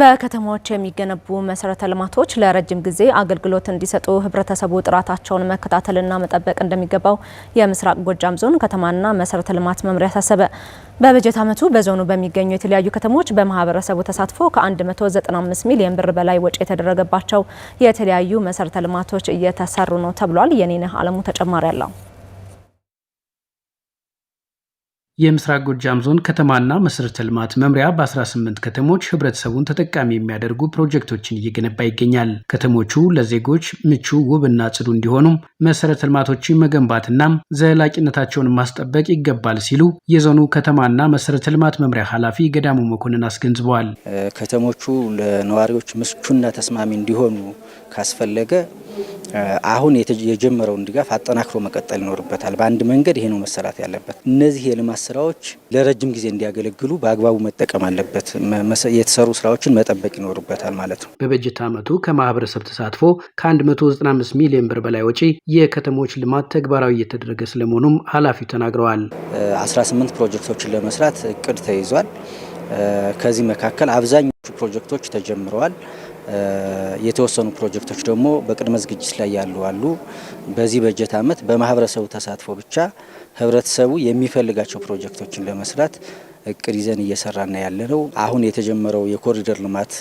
በከተማዎች የሚገነቡ መሰረተ ልማቶች ለረጅም ጊዜ አገልግሎት እንዲሰጡ ህብረተሰቡ ጥራታቸውን መከታተልና መጠበቅ እንደሚገባው የምስራቅ ጎጃም ዞን ከተማና መሰረተ ልማት መምሪያ አሳሰበ። በበጀት ዓመቱ በዞኑ በሚገኙ የተለያዩ ከተሞች በማህበረሰቡ ተሳትፎ ከ195 ሚሊዮን ብር በላይ ወጪ የተደረገባቸው የተለያዩ መሰረተ ልማቶች እየተሰሩ ነው ተብሏል። የኔነህ አለሙ ተጨማሪ አለው። የምስራቅ ጎጃም ዞን ከተማና መሰረተ ልማት መምሪያ በ18 ከተሞች ህብረተሰቡን ተጠቃሚ የሚያደርጉ ፕሮጀክቶችን እየገነባ ይገኛል። ከተሞቹ ለዜጎች ምቹ፣ ውብና ጽዱ እንዲሆኑም መሰረተ ልማቶችን መገንባትና ዘላቂነታቸውን ማስጠበቅ ይገባል ሲሉ የዞኑ ከተማና መሰረተ ልማት መምሪያ ኃላፊ ገዳሙ መኮንን አስገንዝበዋል። ከተሞቹ ለነዋሪዎች ምቹና ተስማሚ እንዲሆኑ ካስፈለገ አሁን የጀመረውን ድጋፍ አጠናክሮ መቀጠል ይኖርበታል። በአንድ መንገድ ይሄ ነው መሰራት ያለበት። እነዚህ የልማት ስራዎች ለረጅም ጊዜ እንዲያገለግሉ በአግባቡ መጠቀም አለበት። የተሰሩ ስራዎችን መጠበቅ ይኖርበታል ማለት ነው። በበጀት ዓመቱ ከማህበረሰብ ተሳትፎ ከ195 ሚሊዮን ብር በላይ ወጪ የከተሞች ልማት ተግባራዊ እየተደረገ ስለመሆኑም ኃላፊው ተናግረዋል። 18 ፕሮጀክቶችን ለመስራት እቅድ ተይዟል። ከዚህ መካከል አብዛኞቹ ፕሮጀክቶች ተጀምረዋል። የተወሰኑ ፕሮጀክቶች ደግሞ በቅድመ ዝግጅት ላይ ያሉ አሉ። በዚህ በጀት ዓመት በማህበረሰቡ ተሳትፎ ብቻ ህብረተሰቡ የሚፈልጋቸው ፕሮጀክቶችን ለመስራት እቅድ ይዘን እየሰራና ያለ ነው። አሁን የተጀመረው የኮሪደር ልማት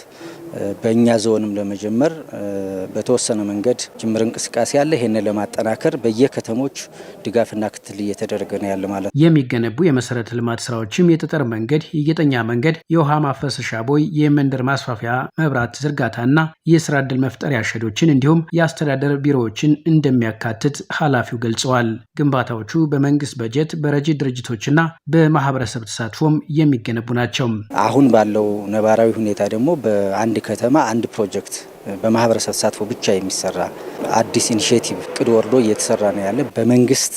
በእኛ ዞንም ለመጀመር በተወሰነ መንገድ ጅምር እንቅስቃሴ አለ። ይህንን ለማጠናከር በየከተሞች ድጋፍና ክትል እየተደረገ ነው ያለ ማለት ነው። የሚገነቡ የመሰረተ ልማት ስራዎችም የጠጠር መንገድ፣ የጌጠኛ መንገድ፣ የውሃ ማፈሰሻ ቦይ፣ የመንደር ማስፋፊያ መብራት ዝርጋታና የስራ እድል መፍጠሪያ ሸዶችን እንዲሁም የአስተዳደር ቢሮዎችን እንደሚያካትት ኃላፊው ገልጸዋል። ግንባታዎቹ በመንግስት በጀት በረጂ ድርጅቶችና በማህበረሰብ ተሳትፎ ተጠናቆም የሚገነቡ ናቸው። አሁን ባለው ነባራዊ ሁኔታ ደግሞ በአንድ ከተማ አንድ ፕሮጀክት በማህበረሰብ ተሳትፎ ብቻ የሚሰራ አዲስ ኢኒሽቲቭ ቅድ ወርዶ እየተሰራ ነው ያለ። በመንግስት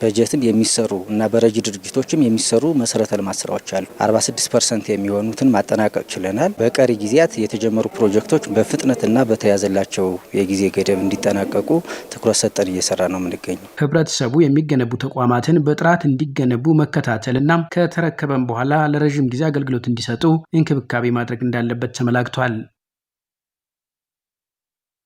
በጀትም የሚሰሩ እና በረጅ ድርጅቶችም የሚሰሩ መሰረተ ልማት ስራዎች አሉ። 46 ፐርሰንት የሚሆኑትን ማጠናቀቅ ችለናል። በቀሪ ጊዜያት የተጀመሩ ፕሮጀክቶች በፍጥነትና በተያዘላቸው የጊዜ ገደብ እንዲጠናቀቁ ትኩረት ሰጠን እየሰራ ነው የምንገኘው። ህብረተሰቡ የሚገነቡ ተቋማትን በጥራት እንዲገነቡ መከታተልና ከተረከበም በኋላ ለረዥም ጊዜ አገልግሎት እንዲሰጡ እንክብካቤ ማድረግ እንዳለበት ተመላክቷል።